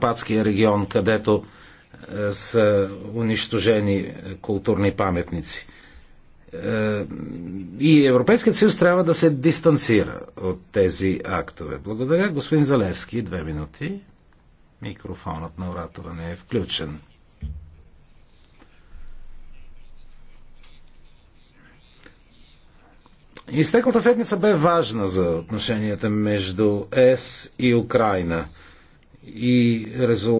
Карпатския регион, където е, са унищожени културни паметници. Е, и Европейският съюз трябва да се дистанцира от тези актове. Благодаря, господин Залевски. Две минути. Микрофонът на оратора не е включен. Изтеклата седмица бе важна за отношенията между ЕС и Украина и резултат